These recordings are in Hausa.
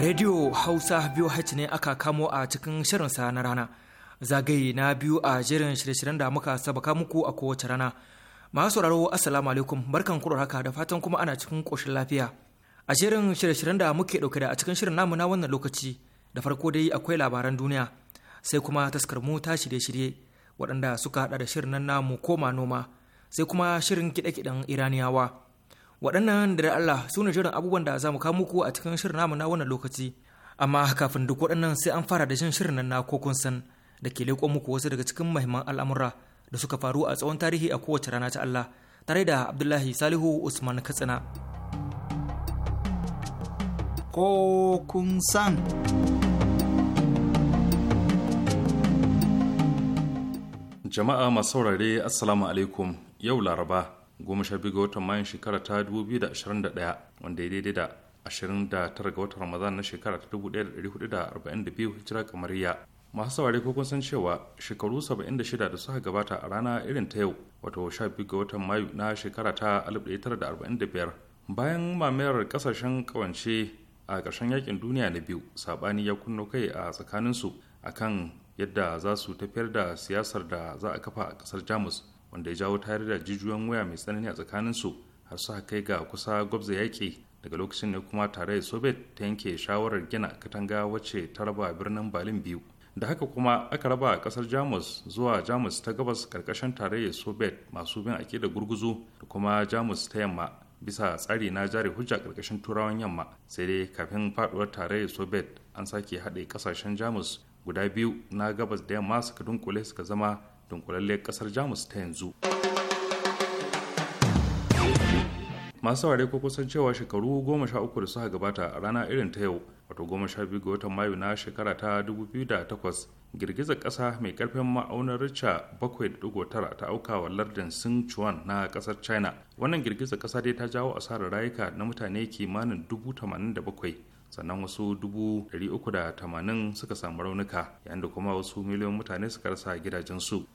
Radio Hausa biyu VOH ne aka kamo a cikin shirinsa na rana. Zagaye na biyu a jerin shirye-shiryen da muka sabaka muku a kowace rana. Masu sauraro Assalamu alaikum barkan ku haka da fatan kuma ana cikin koshin lafiya. A jerin shirye-shiryen da muke ɗauke da a cikin shirin namu na wannan lokaci da farko dai akwai labaran duniya sai kuma taskar mu ta shirye-shirye waɗanda suka haɗa da shirin nan namu koma noma sai kuma shirin kiɗe-kiɗen Iraniyawa. waɗannan da Allah su ne jiran abubuwan da za mu kawo muku a cikin shirin namu na wannan lokaci amma kafin duk waɗannan sai an fara da jin shirin nan na kun san da ke leƙo muku wasu daga cikin mahimman al'amura da suka faru a tsawon tarihi a kowace rana ta Allah tare da Abdullahi Salihu Usman Katsina. Kokun san. Jama'a masu saurare Assalamu alaikum yau Laraba goma sha biyu ga watan mayun shekara ta 2021 wanda ya daidai da 29 ga watan ramadan na shekara ta 1442 hijira kamariya masu saurari ko kun san cewa shekaru 76 da suka gabata a rana irin ta yau wato biyu ga watan mayu na shekara ta 1945 bayan mamayar kasashen kawance a ƙarshen yakin duniya na biyu saɓani ya kunno kai a tsakaninsu akan yadda za su tafiyar da siyasar da za a kafa a ƙasar jamus wanda ya jawo tare da jijiyoyin waya mai tsanani a su har su kai ga kusa gwabza yaƙi daga lokacin ne kuma tare tarayyar soviet ta yanke shawarar gina katanga wacce ta raba birnin berlin biyu da haka kuma aka raba kasar jamus zuwa jamus ta gabas karkashin tarayyar soviet masu bin ake da gurguzu da kuma jamus ta yamma bisa tsari na jari hujja karkashin turawan yamma sai dai kafin faduwar tarayyar soviet an sake haɗe kasashen jamus guda biyu na gabas da yamma suka dunkule suka zama dunkulalle kasar jamus ta yanzu masu saurari ko kusan cewa shekaru goma sha uku da suka gabata a rana irin ta yau wato goma sha biyu ga watan mayu na shekara ta 2008 girgizar ƙasa mai karfin ma'aunar richa tara ta auka wa lardin sinchuan na kasar china wannan girgizar ƙasa dai ta jawo asarar rayuka na mutane kimanin dubu bakwai sannan wasu dubu da tamanin suka samu raunuka yayin da kuma wasu miliyan mutane suka rasa gidajensu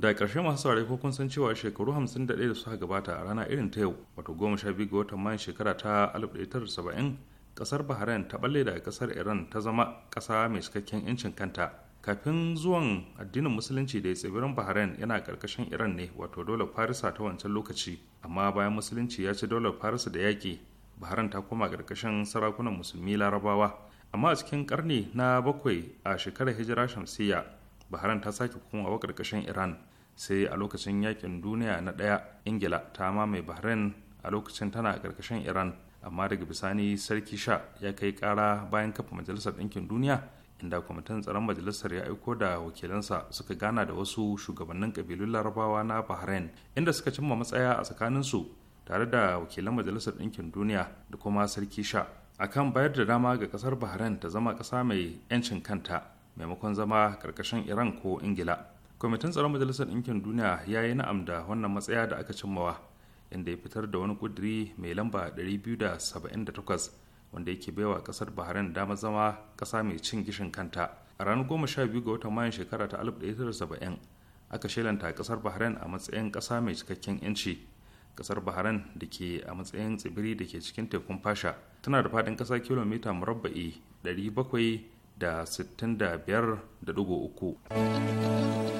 da ƙarshe masu saurari ko kun san cewa shekaru 51 da suka gabata a rana irin ta yau wato goma sha biyu ga watan mayan shekara ta 1970 ƙasar bahrain ta balle da kasar iran ta zama ƙasa mai cikakken 'yancin kanta kafin zuwan addinin musulunci da tsibirin bahrain yana karkashin iran ne wato dole farisa ta wancan lokaci amma bayan musulunci ya ci dole farisa da yaƙi bahrain ta koma karkashin sarakunan musulmi larabawa amma a cikin karni na bakwai a shekarar hijira shamsiyya bahrain ta sake komawa karkashin iran sai a lokacin yakin duniya na ɗaya ingila ta mamaye bahrain a lokacin tana karkashin iran amma daga bisani sarki sha ya kai kara bayan kafa majalisar ɗinkin duniya inda kwamitin tsaron majalisar ya aiko da wakilansa suka gana da wasu shugabannin kabilun larabawa na bahrain inda suka cimma matsaya a tsakaninsu tare da wakilan majalisar ɗinkin duniya da kuma sarki sha akan bayar da dama ga ƙasar bahrain ta zama ƙasa mai 'yancin kanta maimakon zama ƙarƙashin iran ko ingila kwamitin tsaron majalisar ɗinkin duniya ya yi na'am da wannan matsaya da aka cimmawa inda ya fitar da wani ƙuduri mai lamba 278 wanda yake baiwa kasar bahrain dama zama kasa mai cin gishin kanta a ranar goma sha biyu ga watan mayan shekara ta 1970 aka shelanta kasar bahrain a matsayin kasa mai cikakken yanci kasar bahrain da ke a matsayin tsibiri da ke cikin tekun fasha tana da faɗin ƙasa kilomita murabba'i da 765.3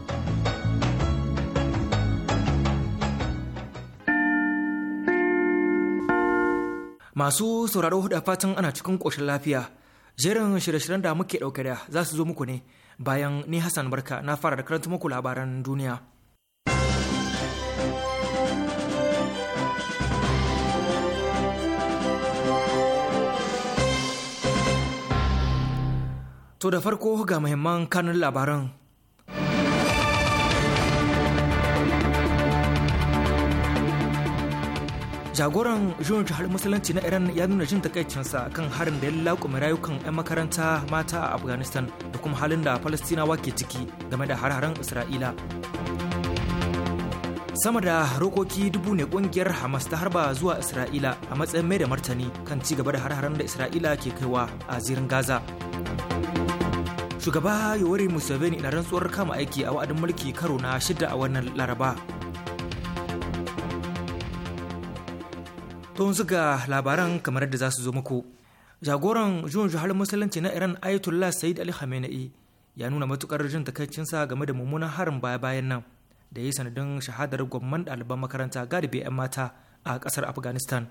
Masu sauraro da fatan ana cikin ƙoshin lafiya. Jerin shirye-shiryen da muke ɗauke da za su zo muku ne bayan ni Hassan Barka na fara da karanta muku labaran duniya. To da farko ga muhimman kanun labaran jagoran jiran jihar musulunci na iran ya nuna jin takaicinsa kan harin da ya laƙume rayukan 'yan makaranta mata a afghanistan da kuma halin da falastinawa ke ciki game da har-haren isra'ila sama da rokoki dubu ne kungiyar hamas ta harba zuwa isra'ila a matsayin mai da martani kan ci gaba da har-haren da isra'ila ke kaiwa a zirin gaza shugaba yawari museveni na rantsuwar kama aiki a wa'adin mulki karo na shida a wannan laraba don zuga labaran kamar da za su zo muku jagoran juhun juhar musulunci na iran ayatollah said ali khamenei ya nuna matukar jin takaicinsa game da mummunan harin baya-bayan nan da ya yi sanadin shahadar gwamman ɗaliban makaranta galibi 'yan mata a ƙasar afghanistan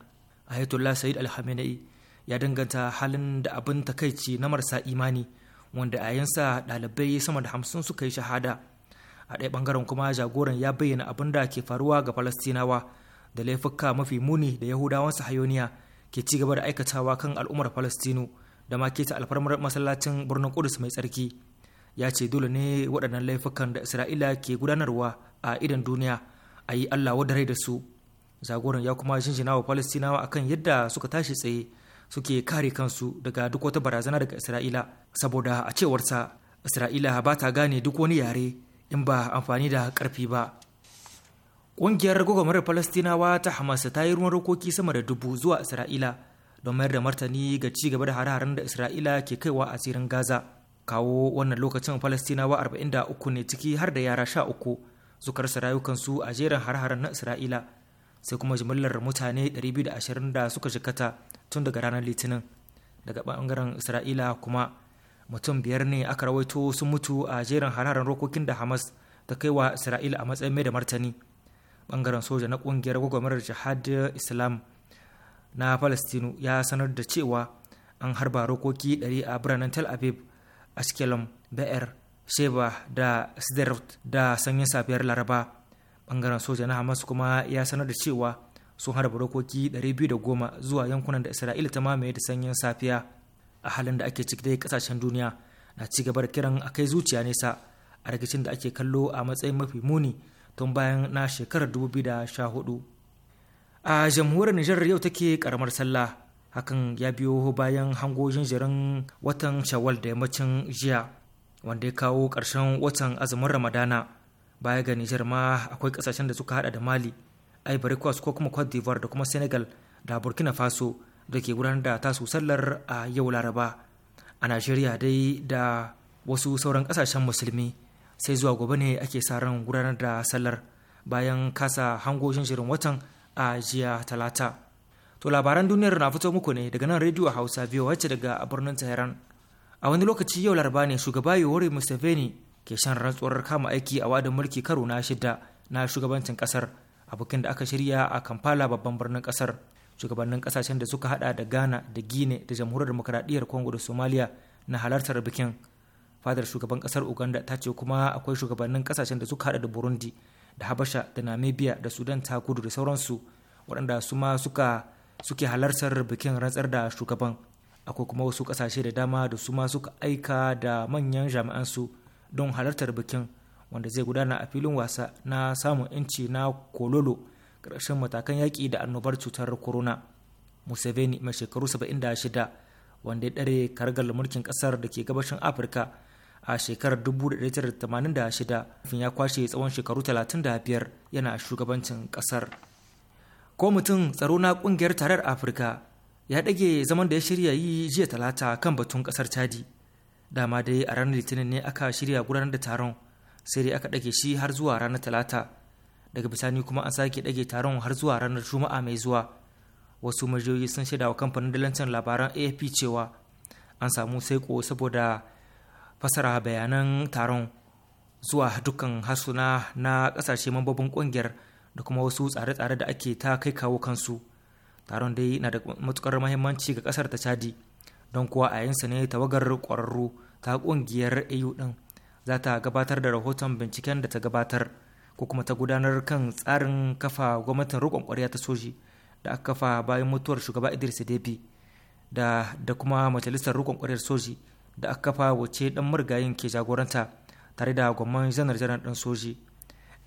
ayatollah said ali khamenei ya danganta halin da abin takaici na marasa imani wanda a yansa ɗalibai sama da hamsin suka yi shahada a ɗaya ɓangaren kuma jagoran ya bayyana abin da ke faruwa ga falastinawa da laifuka mafi muni da yahudawan sahayoniya ke ci gaba da aikatawa kan al'ummar palestinu da ma keta alfarmar masallacin birnin kudus mai tsarki ya ce dole ne waɗannan laifukan da isra'ila ke gudanarwa a idan duniya a yi allah rai da su zagoran ya kuma jinjina wa palestinawa akan yadda suka tashi tsaye suke kare kansu daga duk wata barazana daga isra'ila saboda a cewarsa isra'ila ba ta gane duk wani yare in ba amfani da karfi ba Ƙungiyar gwagwamar Falastinawa ta Hamas ta yi ruwan rokoki sama da dubu zuwa Isra'ila don mayar da martani ga ci gaba da hare-haren da Isra'ila ke kaiwa a tsirin Gaza. Kawo wannan lokacin Falastinawa 43 ne ciki har da yara 13 suka rasa rayukansu a jerin hare-haren na Isra'ila. Sai kuma jimillar mutane 220 da suka jikata tun daga ranar Litinin. Daga bangaren Isra'ila kuma mutum biyar ne aka rawaito sun mutu a jerin hare-haren rokokin da Hamas ta kaiwa Isra'ila a matsayin mai da martani. bangaren soja na kungiyar gwagwamar jihad islam na palestinu ya sanar da cewa an harba rokoki 100 a biranen tel aviv ashkelon be'er sheba da sderot da sanyin safiyar laraba bangaren soja na hamas kuma ya sanar da cewa sun harba rokoki goma zuwa yankunan da isra'ila ta mamaye da sanyin safiya a halin da ake ciki dai kasashen duniya na ci gaba da kiran a kai zuciya nesa a rikicin da ake kallo a matsayin mafi muni tun bayan na shekarar 2014 a jamhuriyar nijar yau take karamar sallah hakan ya biyo bayan hango jinjirin watan shawal da yammacin jiya wanda ya kawo ƙarshen watan azumin ramadana baya ga nijar ma akwai ƙasashen da suka hada da mali ivory coast ko kuma cote d'ivoire da kuma senegal da burkina faso da ke gudanar da tasu sallar a yau laraba a najeriya dai da wasu sauran kasashen musulmi sai zuwa gobe ne ake sa ran gudanar da sallar bayan kasa hango shirin watan a jiya talata to labaran duniyar na fito muku ne daga nan rediyo hausa biyu wacce daga birnin tehran a wani lokaci yau laraba ne shugaba yoweri museveni ke shan rantsuwar kama aiki a wadin mulki karo na shida na shugabancin kasar abokin da aka shirya a kampala babban birnin kasar shugabannin kasashen da suka hada da ghana da gine da jamhuriyar demokradiyyar congo da somalia na halartar bikin fadar shugaban kasar uganda ta ce kuma akwai shugabannin kasashen da suka hada da burundi da habasha da namibia da sudan ta gudu da sauransu waɗanda su ma suka suke halartar bikin rantsar da shugaban akwai kuma wasu kasashe da dama da su ma suka aika da manyan jami'an su don halartar bikin wanda zai gudana a filin wasa na samun inci na kololo ƙarshen matakan yaƙi da annobar cutar corona museveni mai shekaru 76 wanda ya ɗare kargar mulkin ƙasar da ke gabashin afirka a shekarar 1986 ya kwashe tsawon shekaru 35 yana shugabancin kasar mutum tsaro na kungiyar tarar afirka ya ɗage zaman da ya shirya yi jiya talata kan batun kasar chadi dama dai a ranar litinin ne aka shirya gudanar da taron sai dai aka ɗage shi har zuwa ranar talata daga bisani kuma an sake ɗage taron har zuwa ranar juma'a mai zuwa wasu majiyoyi sun shaida wa kamfanin dalancin labaran afp cewa an samu saiko saboda fasara bayanan taron zuwa dukkan harsuna na kasashe mambobin kungiyar da kuma wasu tsare-tsare da ake ta kai kawo kansu taron dai na da matukar mahimmanci ga kasar ta chadi don kuwa a yinsa ne tawagar kwararru ta kungiyar au din za ta gabatar da rahoton binciken da ta gabatar ko kuma ta gudanar kan tsarin kafa gwamnatin roƙon kwarya ta soji da aka kafa bayan mutuwar shugaba idris debi da da kuma majalisar roƙon kwaryar soji da aka kafa wace dan marigayin ke jagoranta tare da gwamnan janar janar dan soji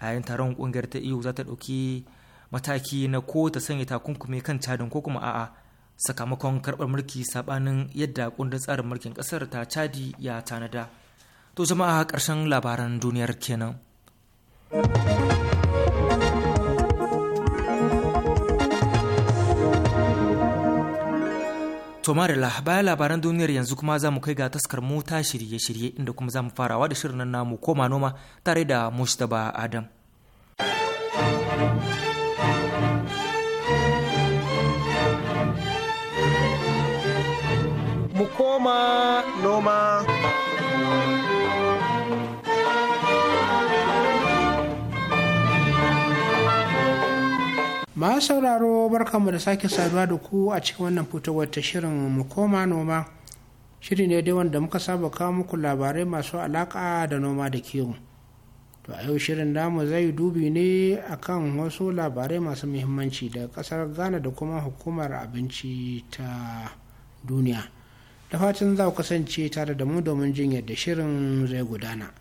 a yayin taron kungiyar ta ihu e za ta ɗauki mataki na ko ta sanya takunkumi kan cadin ko kuma a'a sakamakon karɓar mulki sabanin yadda kundin tsarin mulkin ƙasar ta cadi ya tanada to jama'a karshen labaran duniyar kenan. Tomarila bayan labaran duniyar yanzu kuma za mu kai ga taskar mota shirye-shirye inda kuma za mu farawa da shirin namu koma noma tare da Mustaba Adam. Mu koma noma. ma sauraro barkanmu da sake saduwa da ku a cikin wannan fitowar ta shirin mu koma noma shiri ne dai wanda muka saba kawo muku labarai masu alaka da noma da kiwo to a yau shirin namu zai dubi ne akan wasu labarai masu muhimmanci daga kasar ghana da kuma hukumar abinci ta duniya da fatan za ku kasance tare da mu domin jin yadda shirin zai gudana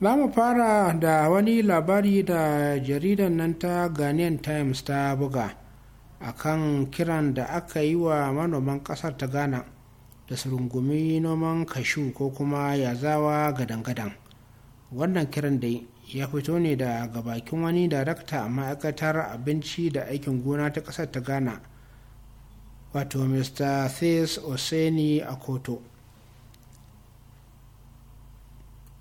za mu fara da wani labari da jaridan nan ta ghanaian times ta buga a kan kiran da aka yi wa manoman kasar ta ghana da su rungumi noman kashu ko kuma yazawa gadan-gadan wannan kiran dai ya fito ne da gabakin wani darakta a ma'aikatar abinci da aikin gona ta kasar ta ghana wato mr Thais oseni koto.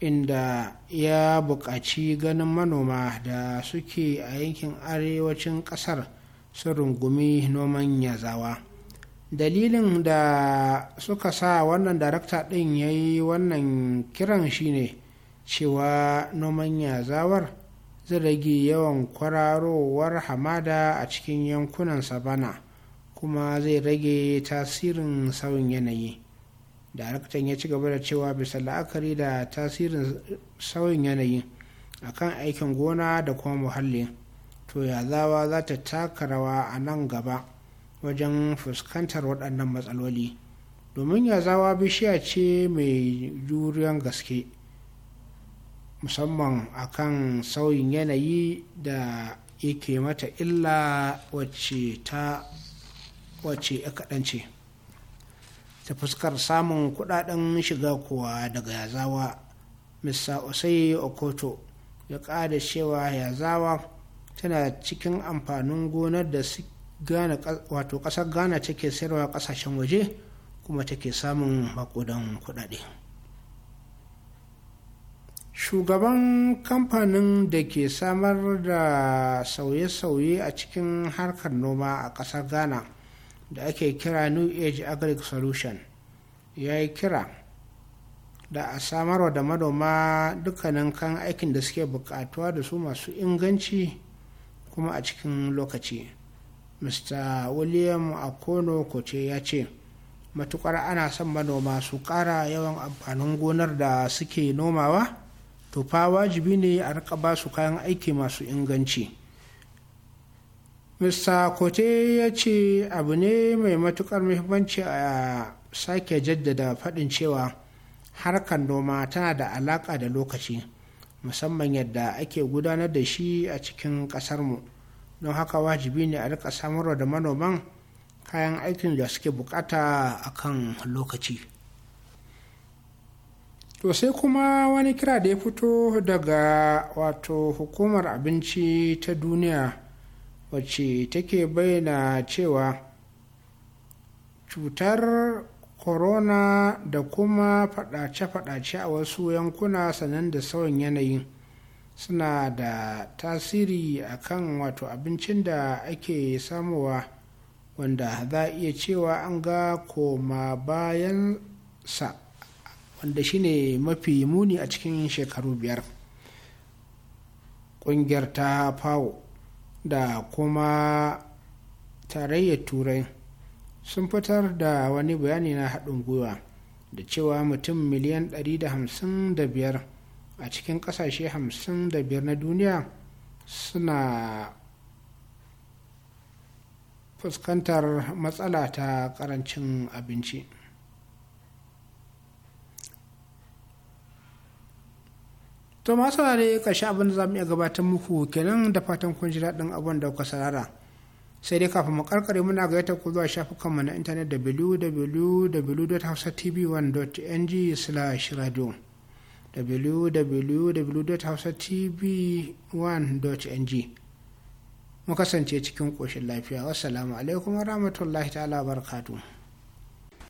inda ya buƙaci ganin manoma da suke a yankin arewacin ƙasar sun rungumi noman yazawa dalilin da suka sa wannan darakta ɗin ya yi wannan kiran shine cewa noman yazawar zai rage yawan kwararowar hamada a cikin yankunan sabana kuma zai rage tasirin sauyin yanayi daraktan ya ci gaba da cewa bisa la'akari da tasirin sauyin yanayi akan aikin gona da kuma muhalli to yazawa za ta taka rawa a nan gaba wajen fuskantar waɗannan matsaloli domin yazawa bishiya ce mai juriyan gaske musamman akan sauyin yanayi da yake mata illa wacce ta wacce ya kaɗance. ta fuskar samun kudaden shiga kuwa daga yazawa Mr. osai okoto ya ƙara cewa yazawa tana cikin amfanin gonar da wato ƙasar ghana take sayarwa ƙasashen waje kuma take samun makudan kudade shugaban kamfanin da ke samar da sauye-sauye a cikin harkar noma a ƙasar ghana da ake kira new age agric solution ya yi kira da a samarwa da manoma dukkanin kan aikin da suke bukatuwa da su masu inganci kuma a cikin lokaci mr william akono koce ya ce matukar ana son manoma su kara yawan amfanin gonar da suke nomawa to fa wajibi ne a rika ba su kayan aiki masu inganci Mista kote ya ce abu ne mai matukar muhimmanci a sake jaddada faɗin cewa harkar noma tana da alaƙa da lokaci musamman yadda ake gudanar da shi a cikin ƙasarmu don haka wajibi ne a rika samarwa da manoman kayan aikin da suke bukata a kan lokaci to sai kuma wani kira da ya fito daga wato hukumar abinci ta duniya wacce take bayyana cewa cutar corona da kuma fadace-fadace a wasu yankuna sanan da sauyin yanayi suna da tasiri a kan wato abincin da ake samuwa wanda za a iya cewa an ga koma bayan sa wanda shine mafi muni a cikin shekaru biyar ƙungiyar ta fawo da kuma tarayyar turai sun fitar da wani bayani na haɗin gwiwa da cewa mutum miliyan 155 a cikin ƙasashe 55 na duniya suna fuskantar matsala ta ƙarancin abinci to masu ware ƙarshe abin da za mu iya gabatar muku kenan da fatan kun ji daɗin abin da kuka sarara sai dai kafin mu karkare muna gayyata ku zuwa shafukanmu na intanet www.hausatv1.ng/radio www.hausatv1.ng mu kasance cikin ƙoshin lafiya wassalamu alaikum wa rahmatullahi ta'ala barakatuh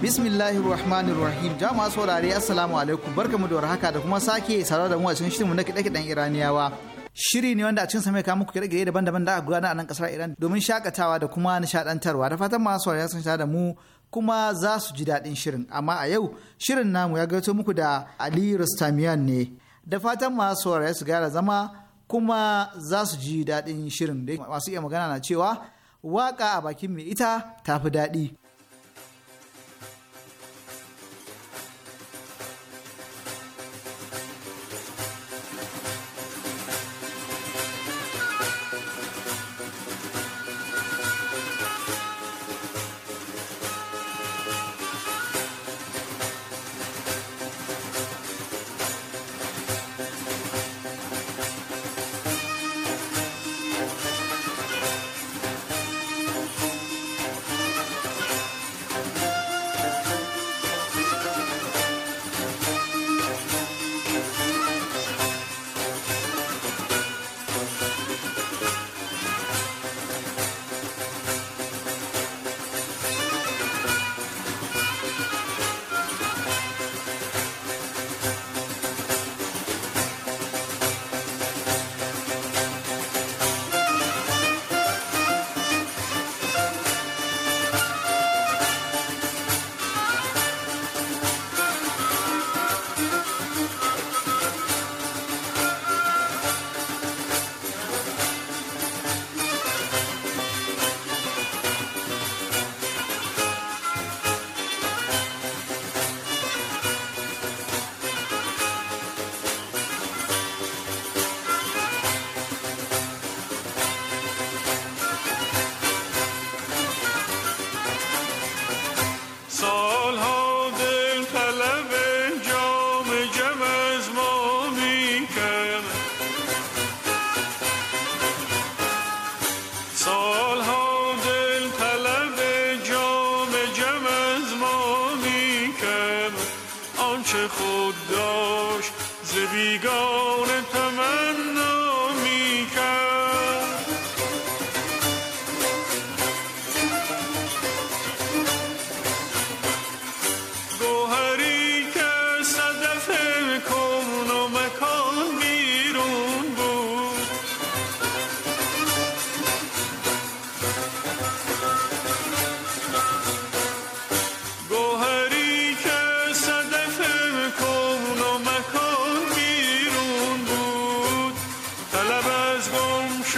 bismillahir rahmanir rahim jama'a saurare assalamu alaikum barkamu da warhaka da kuma sake sarar da mu a cikin shirinmu na kiɗe-kiɗen iraniyawa shiri ne wanda a cikin sa mai muku kiɗe-kiɗe daban-daban da aka a nan ƙasar iran domin shakatawa da kuma nishaɗantarwa da fatan masu saurare sun sha da mu kuma za su ji daɗin shirin amma a yau shirin namu ya gaito muku da ali rustamiyan ne da fatan masu saurare su gyara zama kuma za su ji daɗin shirin da masu iya magana na cewa waka a bakin mai ita tafi daɗi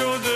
to the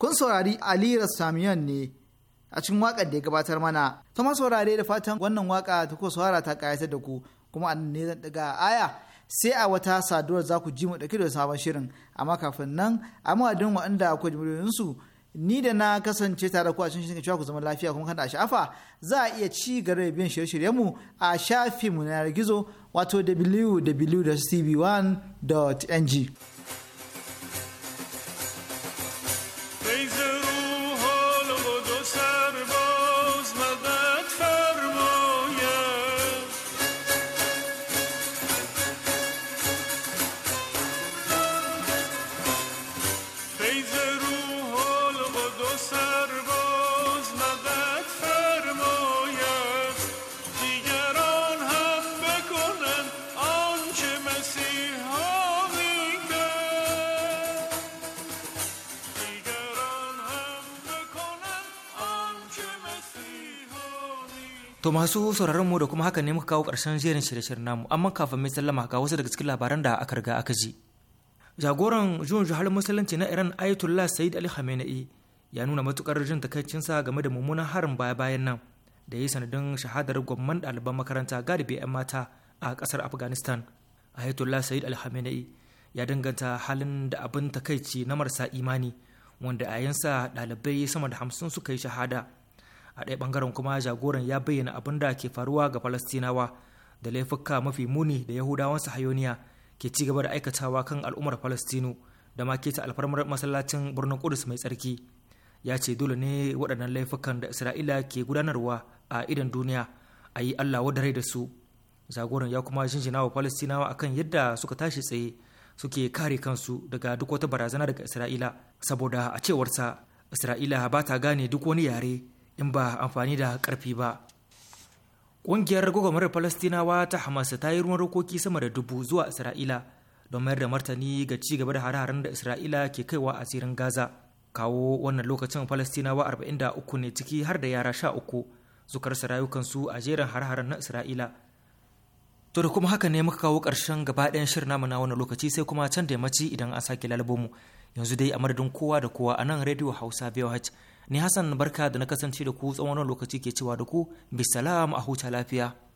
kun saurari aliyar samiyon ne a cikin waƙar da ya gabatar mana. Ta ma saurare da fatan wannan waƙa ta ko saurara ta ƙayatar da ku kuma a ne zan daga aya sai a wata saduwar za ku ji mu ɗauki da sabon shirin amma kafin nan a mawadin waɗanda ku jimirinsu ni da na kasance tare ku a cikin shirin ku zama lafiya kuma kada a sha'afa za a iya ci gaba da biyan shirye-shiryenmu a shafinmu na gizo wato www.tv1.ng. To masu sauraron mu da kuma haka ne muka kawo ƙarshen jerin shirye-shiryen namu amma kafin mai sallama ga wasu daga cikin labaran da aka riga aka ji. Jagoran juhun juhar musulunci na Iran Ayatollah Sayyid Ali Khamenei ya nuna matukar jin takaicinsa game da mummunan harin baya-bayan nan da ya yi sanadin shahadar gwamman ɗaliban makaranta galibi 'yan mata a kasar Afghanistan. Ayatollah Sayyid Ali Khamenei ya danganta halin da abin takaici na marasa imani wanda a yansa ɗalibai sama da hamsin suka yi shahada. a ɗaya ɓangaren kuma jagoran ya bayyana abin da ke faruwa ga falastinawa da laifuka mafi muni da yahudawan sahayoniya ke ci gaba da aikatawa kan al'ummar falastinu da ma keta alfarmar masallacin birnin kudus mai tsarki ya ce dole ne waɗannan laifukan da isra'ila ke gudanarwa a idan duniya a yi allah wadarai da su jagoran ya kuma jinjina wa falastinawa akan yadda suka tashi tsaye suke kare kansu daga duk wata barazana daga isra'ila saboda a cewarsa isra'ila ba ta gane duk wani yare in ba amfani da ƙarfi ba ƙungiyar gwagwamar falastinawa ta hamas ta yi ruwan rokoki sama da dubu zuwa isra'ila don mayar da martani ga ci gaba da hare-haren da isra'ila ke kaiwa a tsirin gaza kawo wannan lokacin falastinawa 43 ne ciki har da yara sha 13 zukar rayukansu a jerin hare-haren na isra'ila to da kuma haka ne muka kawo ƙarshen gaba ɗayan shirin namu na wannan lokaci sai kuma can da mace idan an sake mu yanzu dai a madadin kowa da kowa a nan rediyo hausa voh ni hassan barka da na kasance da ku tsawon lokaci ke cewa da ku bisalam a huta lafiya